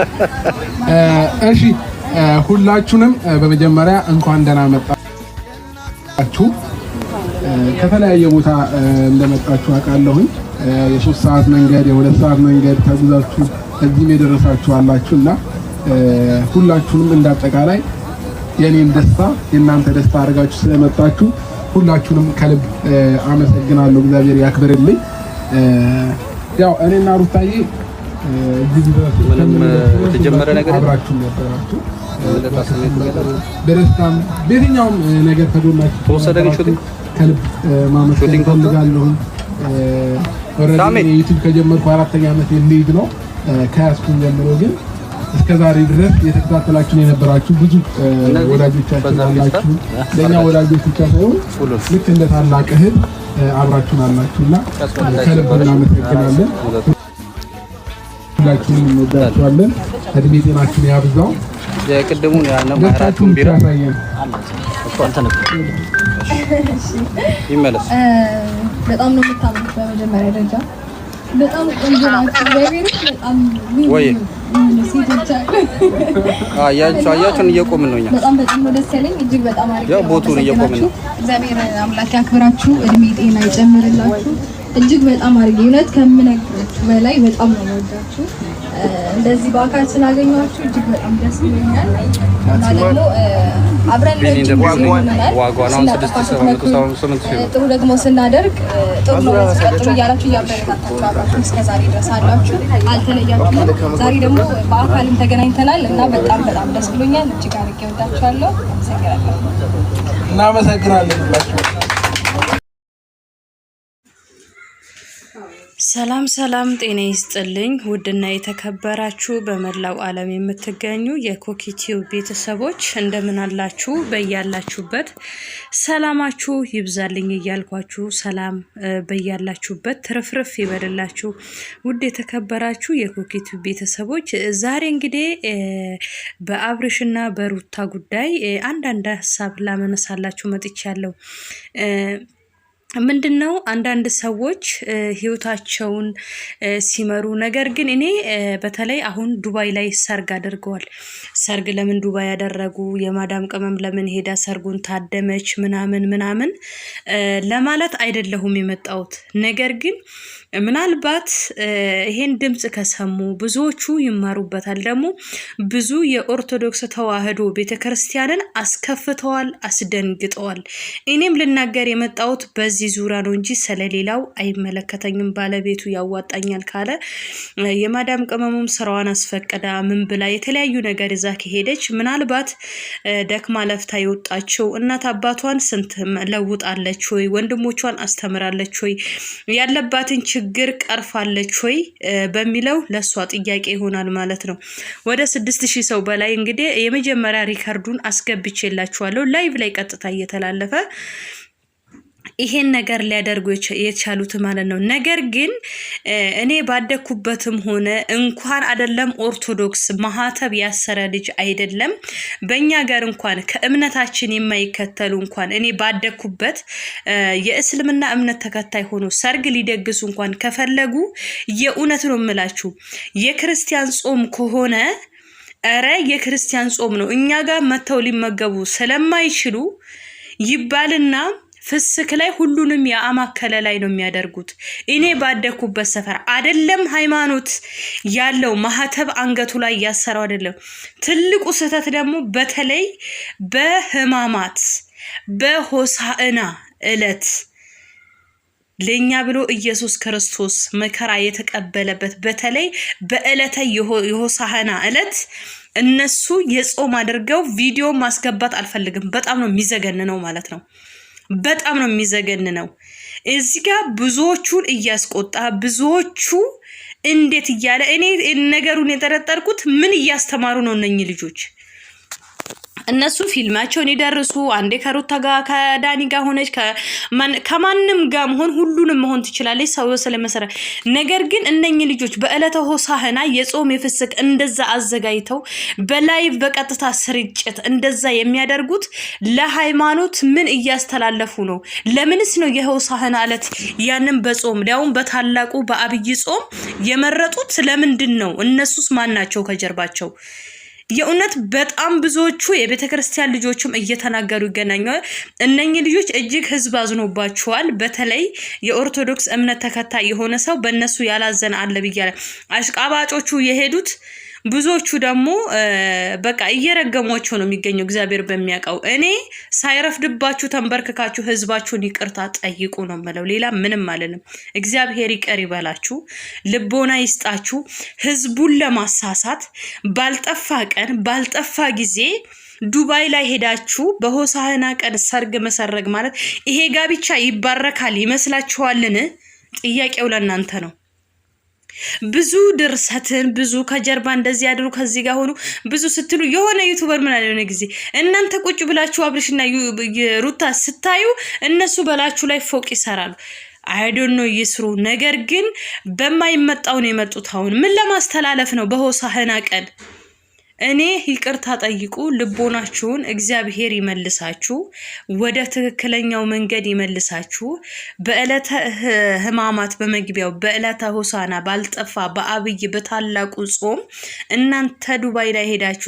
እሺ ሁላችሁንም በመጀመሪያ እንኳን ደህና መጣችሁ። ከተለያየ ቦታ እንደመጣችሁ አውቃለሁኝ። የሶስት ሰዓት መንገድ የሁለት ሰዓት መንገድ ተጉዛችሁ እዚህም የደረሳችሁ አላችሁ እና ሁላችሁንም እንዳጠቃላይ የኔን ደስታ የእናንተ ደስታ አድርጋችሁ ስለመጣችሁ ሁላችሁንም ከልብ አመሰግናለሁ። እግዚአብሔር ያክብርልኝ። ያው እኔና ሩታዬ ምንም የተጀመረ ነገር በደስታም በየትኛውም ነገር ከጎናችሁ ተወሰደ። ግን ሹቲንግ ከልብ ማመስገን እፈልጋለሁ። ዩቲዩብ ከጀመርኩ አራተኛ ዓመት የሚሄድ ነው ከያዝኩኝ ጀምሮ ግን እስከዛሬ ድረስ የተከታተላችሁን የነበራችሁ ብዙ ወዳጆቻችን አላችሁ። ለእኛ ወዳጆች ብቻ ሳይሆን ልክ እንደ ታላቅ እህል አብራችሁን አላችሁና ከልብ እናመሰግናለን። ሁላችሁም እንወዳችኋለን። እድሜ ጤናችን ያብዛው። የቅድሙን ያልነው ማራቱን ቢራ ይመለስ። በጣም ነው የምታምሩት። በመጀመሪያ ደረጃ በጣም ቆንጆ ናቸው። አያችሁን፣ እየቆምን ነው። በጣም በጣም ነው ደስ ያለኝ። እጅግ በጣም አሪፍ ቦታውን እየቆምን ነው። እግዚአብሔር አምላክ ያክብራችሁ፣ እድሜ ጤና ይጨምርላችሁ። እጅግ በጣም አድርጌ እውነት ከምነግራችሁ በላይ በጣም ነው የምወዳችሁ። እንደዚህ በአካል ስላገኘኋችሁ እጅግ በጣም ደስ ይለኛል እና ደግሞ አብረን ጥሩ ደግሞ ስናደርግ ጥሩ ቀጥሉ እያላችሁ እያበረታታችሁ አብራችሁ እስከዛሬ ድረስ አላችሁ፣ አልተለያችሁም። ዛሬ ደግሞ በአካልም ተገናኝተናል እና በጣም በጣም ደስ ብሎኛል። እጅግ አድርጌ ወዳችኋለሁ። አመሰግናለሁ። እናመሰግናለን። ሰላም ሰላም፣ ጤና ይስጥልኝ። ውድና የተከበራችሁ በመላው ዓለም የምትገኙ የኮኪቲው ቤተሰቦች እንደምን አላችሁ? በያላችሁበት ሰላማችሁ ይብዛልኝ እያልኳችሁ ሰላም በያላችሁበት ትርፍርፍ ይበልላችሁ። ውድ የተከበራችሁ የኮኪቲው ቤተሰቦች ዛሬ እንግዲህ በአብርሽና በሩታ ጉዳይ አንዳንድ ሀሳብ ላመነሳላችሁ መጥቻለሁ። ምንድን ነው አንዳንድ ሰዎች ህይወታቸውን ሲመሩ፣ ነገር ግን እኔ በተለይ አሁን ዱባይ ላይ ሰርግ አድርገዋል። ሰርግ ለምን ዱባይ ያደረጉ የማዳም ቅመም ለምን ሄዳ ሰርጉን ታደመች ምናምን ምናምን ለማለት አይደለሁም የመጣሁት። ነገር ግን ምናልባት ይሄን ድምፅ ከሰሙ ብዙዎቹ ይማሩበታል። ደግሞ ብዙ የኦርቶዶክስ ተዋህዶ ቤተክርስቲያንን አስከፍተዋል፣ አስደንግጠዋል። እኔም ልናገር የመጣሁት በዚህ በዚህ ዙሪያ ነው እንጂ ስለሌላው አይመለከተኝም። ባለቤቱ ያዋጣኛል ካለ የማዳም ቅመሙም ስራዋን አስፈቅዳ ምን ብላ የተለያዩ ነገር እዛ ከሄደች ምናልባት ደክማ ለፍታ የወጣችው እናት አባቷን ስንት ለውጣለች ወይ ወንድሞቿን አስተምራለች ወይ ያለባትን ችግር ቀርፋለች ወይ በሚለው ለእሷ ጥያቄ ይሆናል ማለት ነው። ወደ ስድስት ሺህ ሰው በላይ እንግዲህ የመጀመሪያ ሪከርዱን አስገብቼላችኋለሁ ላይቭ ላይ ቀጥታ እየተላለፈ ይሄን ነገር ሊያደርጉ የቻሉት ማለት ነው። ነገር ግን እኔ ባደግኩበትም ሆነ እንኳን አይደለም ኦርቶዶክስ ማህተብ ያሰረ ልጅ አይደለም በእኛ ጋር እንኳን ከእምነታችን የማይከተሉ እንኳን እኔ ባደግኩበት የእስልምና እምነት ተከታይ ሆኖ ሰርግ ሊደግሱ እንኳን ከፈለጉ የእውነት ነው የምላችሁ የክርስቲያን ጾም ከሆነ እረ የክርስቲያን ጾም ነው እኛ ጋር መጥተው ሊመገቡ ስለማይችሉ ይባልና ፍስክ ላይ ሁሉንም የአማከለ ላይ ነው የሚያደርጉት። እኔ ባደግኩበት ሰፈር አደለም ሃይማኖት ያለው ማህተብ አንገቱ ላይ እያሰረው አደለም። ትልቁ ስህተት ደግሞ በተለይ በህማማት በሆሳዕና እለት ለእኛ ብሎ ኢየሱስ ክርስቶስ መከራ የተቀበለበት በተለይ በእለተ የሆሳዕና እለት እነሱ የጾም አድርገው ቪዲዮ ማስገባት አልፈልግም። በጣም ነው የሚዘገንነው ማለት ነው። በጣም ነው የሚዘገን ነው። እዚህ ጋር ብዙዎቹን እያስቆጣ ብዙዎቹ እንዴት እያለ እኔ ነገሩን የጠረጠርኩት ምን እያስተማሩ ነው እነኚህ ልጆች እነሱ ፊልማቸውን ይደርሱ። አንዴ ከሩታ ጋር ከዳኒ ጋር ሆነች ከማንም ጋር መሆን ሁሉንም መሆን ትችላለች ሰው ስለመሰረ። ነገር ግን እነኚህ ልጆች በዕለተ ሆሳህና የጾም የፍስክ እንደዛ አዘጋጅተው በላይቭ በቀጥታ ስርጭት እንደዛ የሚያደርጉት ለሃይማኖት ምን እያስተላለፉ ነው? ለምንስ ነው የሆሳህና ዕለት ያንን በጾም ሊያውም በታላቁ በአብይ ጾም የመረጡት? ለምንድን ነው? እነሱስ ማን ናቸው ከጀርባቸው? የእውነት በጣም ብዙዎቹ የቤተ ክርስቲያን ልጆችም እየተናገሩ ይገናኛል። እነኚህ ልጆች እጅግ ህዝብ አዝኖባቸዋል። በተለይ የኦርቶዶክስ እምነት ተከታይ የሆነ ሰው በእነሱ ያላዘን አለ ብያለ አሽቃባጮቹ የሄዱት ብዙዎቹ ደግሞ በቃ እየረገሟቸው ነው የሚገኘው። እግዚአብሔር በሚያውቀው እኔ ሳይረፍድባችሁ ተንበርክካችሁ ህዝባችሁን ይቅርታ ጠይቁ ነው የምለው። ሌላ ምንም አልልም። እግዚአብሔር ይቅር ይበላችሁ፣ ልቦና ይስጣችሁ። ህዝቡን ለማሳሳት ባልጠፋ ቀን ባልጠፋ ጊዜ ዱባይ ላይ ሄዳችሁ በሆሳህና ቀን ሰርግ መሰረግ ማለት ይሄ ጋብቻ ይባረካል ይመስላችኋልን? ጥያቄው ለእናንተ ነው። ብዙ ድርሰትን ብዙ ከጀርባ እንደዚህ ያድሩ ከዚህ ጋር ሆኑ ብዙ ስትሉ የሆነ ዩቱበር ምን ያለሆነ ጊዜ እናንተ ቁጭ ብላችሁ አብርሽና ሩታ ስታዩ እነሱ በላችሁ ላይ ፎቅ ይሰራሉ። አይዶኖ ይስሩ። ነገር ግን በማይመጣው ነው የመጡት። አሁን ምን ለማስተላለፍ ነው በሆሳህና ቀን እኔ ይቅርታ ጠይቁ፣ ልቦናችሁን እግዚአብሔር ይመልሳችሁ፣ ወደ ትክክለኛው መንገድ ይመልሳችሁ። በዕለተ ሕማማት በመግቢያው በዕለተ ሆሳና ባልጠፋ በአብይ በታላቁ ጾም እናንተ ዱባይ ላይ ሄዳችሁ